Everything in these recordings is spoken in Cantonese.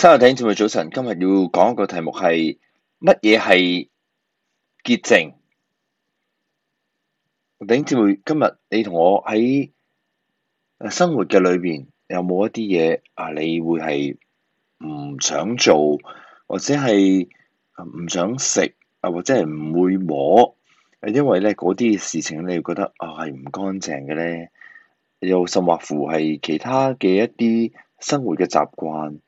三日弟兄姐妹，早晨。今日要講一個題目，係乜嘢係潔淨。弟兄姐妹，今日你同我喺生活嘅裏邊有冇一啲嘢啊？你會係唔想做，或者係唔想食，啊或者係唔會摸，因為咧嗰啲事情，你會覺得啊係唔乾淨嘅咧？又甚或乎係其他嘅一啲生活嘅習慣。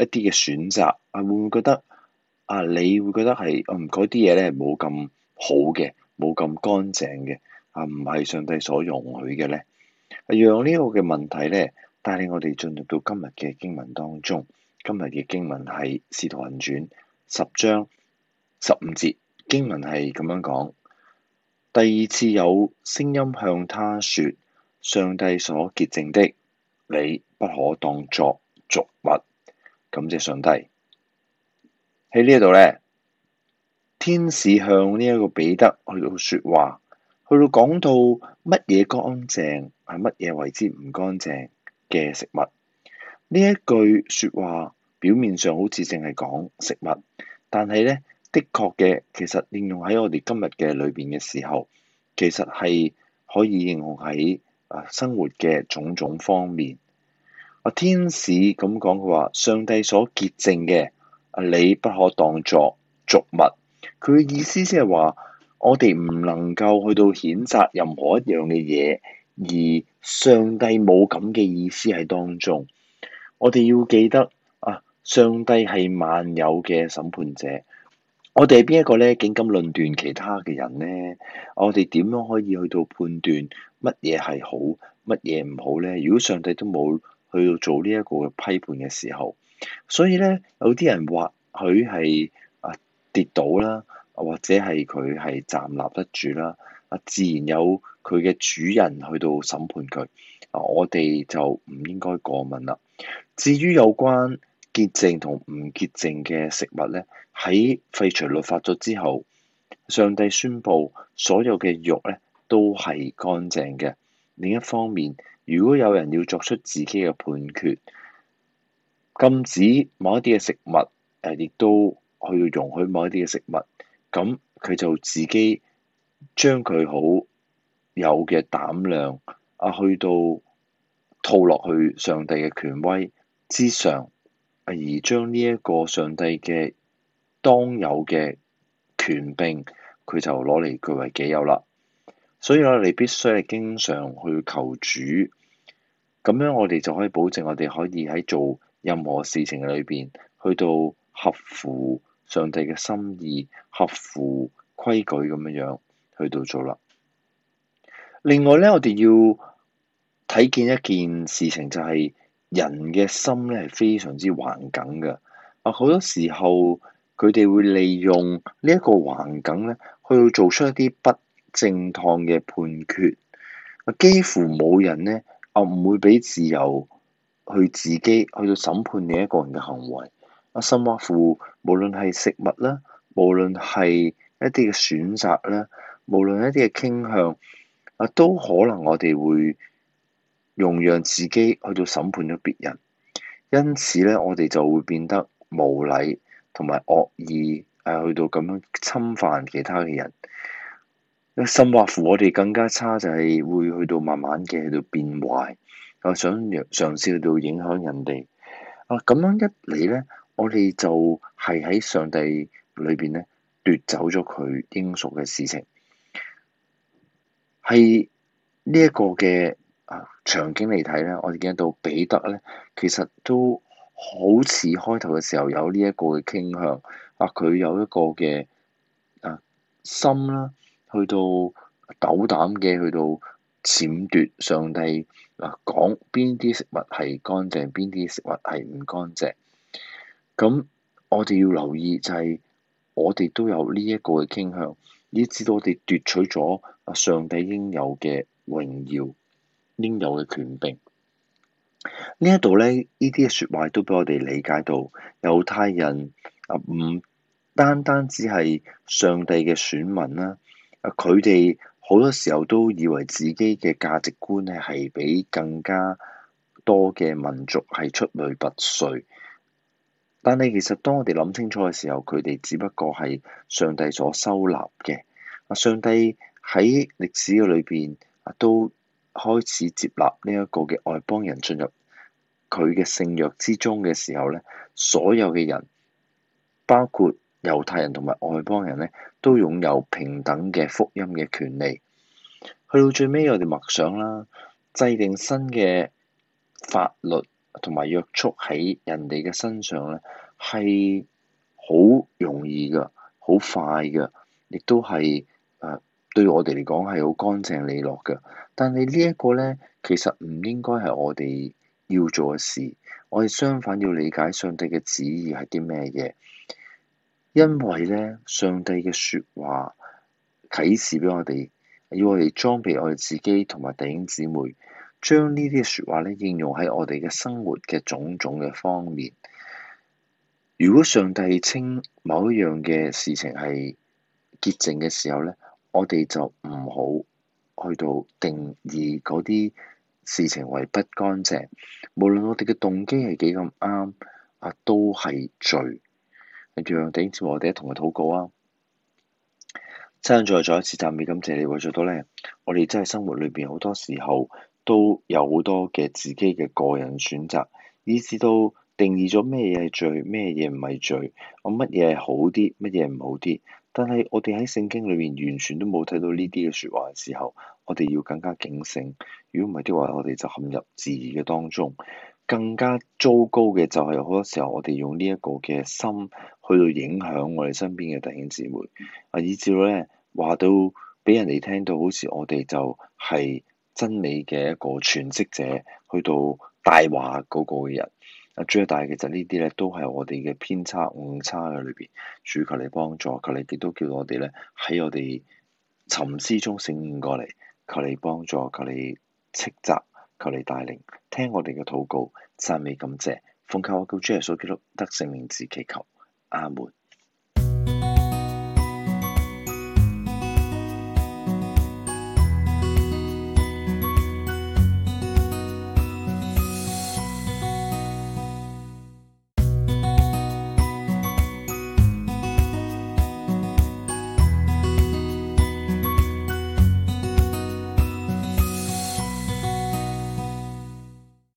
一啲嘅選擇，啊會唔會覺得啊？你會覺得係嗯嗰啲嘢呢，冇咁好嘅，冇咁乾淨嘅，啊唔係上帝所容許嘅呢？啊，讓呢個嘅問題呢，帶領我哋進入到今日嘅經文當中。今日嘅經文係《使徒行傳》十章十五節，經文係咁樣講：第二次有聲音向他説，上帝所潔淨的，你不可當作俗物。感謝上帝。喺呢度咧，天使向呢一個彼得去到説話，去到講到乜嘢乾淨，係乜嘢為之唔乾淨嘅食物。呢一句説話表面上好似淨係講食物，但係咧，的確嘅其實應用喺我哋今日嘅裏邊嘅時候，其實係可以應用喺啊生活嘅種種方面。啊！天使咁講佢話，上帝所潔淨嘅，啊你不可當作俗物。佢嘅意思即係話，我哋唔能夠去到譴責任何一樣嘅嘢，而上帝冇咁嘅意思喺當中。我哋要記得啊！上帝係萬有嘅審判者。我哋係邊一個咧？竟敢論斷其他嘅人咧？我哋點樣可以去到判斷乜嘢係好，乜嘢唔好咧？如果上帝都冇，去到做呢一個批判嘅時候，所以咧，有啲人或許係啊跌倒啦，或者係佢係站立得住啦，啊自然有佢嘅主人去到審判佢，啊我哋就唔應該過問啦。至於有關潔淨同唔潔淨嘅食物咧，喺廢除律法咗之後，上帝宣布所有嘅肉咧都係乾淨嘅。另一方面，如果有人要作出自己嘅判決，禁止某一啲嘅食物，亦都去容許某一啲嘅食物，咁佢就自己將佢好有嘅膽量，啊，去到套落去上帝嘅權威之上，而將呢一個上帝嘅當有嘅權柄，佢就攞嚟據為己有啦。所以我哋必須係經常去求主，咁樣我哋就可以保證我哋可以喺做任何事情裏邊，去到合乎上帝嘅心意、合乎規矩咁樣樣去到做啦。另外咧，我哋要睇見一件事情就係、是、人嘅心咧係非常之頑梗嘅，啊，好多時候佢哋會利用環呢一個頑梗咧去做出一啲不正當嘅判決，啊，幾乎冇人呢，啊，唔會俾自由去自己去到審判你一個人嘅行為。啊，心挖苦，無論係食物啦，無論係一啲嘅選擇啦，無論一啲嘅傾向，啊，都可能我哋會容讓自己去到審判咗別人。因此呢，我哋就會變得無禮同埋惡意，係去到咁樣侵犯其他嘅人。甚或乎我哋更加差，就係會去到慢慢嘅喺度變壞。啊，想嘗試去到影響人哋。啊，咁樣一嚟咧，我哋就係喺上帝裏邊咧奪走咗佢應屬嘅事情。係呢一個嘅啊場景嚟睇咧，我哋見到彼得咧，其實都好似開頭嘅時候有呢一個嘅傾向。啊，佢有一個嘅啊心啦。去到斗膽嘅，去到僭奪上帝啊講邊啲食物係乾淨，邊啲食物係唔乾淨。咁我哋要留意就係、是、我哋都有呢一個嘅傾向，以至到我哋奪取咗啊上帝應有嘅榮耀，應有嘅權柄。呢一度咧，呢啲嘅説話都俾我哋理解到猶太人啊唔單單只係上帝嘅選民啦。佢哋好多時候都以為自己嘅價值觀咧係比更加多嘅民族係出類拔萃，但係其實當我哋諗清楚嘅時候，佢哋只不過係上帝所收納嘅。啊！上帝喺歷史嘅裏邊都開始接納呢一個嘅外邦人進入佢嘅聖約之中嘅時候呢，所有嘅人包括。猶太人同埋外邦人咧，都擁有平等嘅福音嘅權利。去到最尾，我哋默想啦，制定新嘅法律同埋約束喺人哋嘅身上咧，係好容易㗎，好快㗎，亦都係誒對我哋嚟講係好乾淨利落㗎。但係呢一個咧，其實唔應該係我哋要做嘅事。我哋相反要理解上帝嘅旨意係啲咩嘢。因為咧，上帝嘅説話啟示畀我哋，要我哋裝備我哋自己同埋弟兄姊妹將，將呢啲説話咧應用喺我哋嘅生活嘅種種嘅方面。如果上帝稱某一樣嘅事情係潔淨嘅時候咧，我哋就唔好去到定義嗰啲事情為不乾淨。無論我哋嘅動機係幾咁啱，啊都係罪。你叫頂住我哋一同佢禱告啊！真係再做一次讚美，感謝你為咗到咧，我哋真係生活裏邊好多時候都有好多嘅自己嘅個人選擇，以至到定義咗咩嘢係罪，咩嘢唔係罪，我乜嘢係好啲，乜嘢唔好啲。但係我哋喺聖經裏面完全都冇睇到呢啲嘅説話嘅時候，我哋要更加警醒。如果唔係啲話，我哋就陷入自義嘅當中。更加糟糕嘅就係好多時候，我哋用呢一個嘅心。去到影響我哋身邊嘅弟兄姊妹。阿以至咧話到俾人哋聽到，好似我哋就係真理嘅一個傳職者，去到大話嗰個嘅人。阿主啊，但係其實呢啲咧都係我哋嘅偏差誤差喺裏邊。主求你幫助，求你亦都叫我哋咧喺我哋沉思中醒悟過嚟。求你幫助，求你斥責，求你帶領，聽我哋嘅禱告，讚美感謝。奉靠我叫主耶穌基督得聖靈名字祈求。阿門。Um,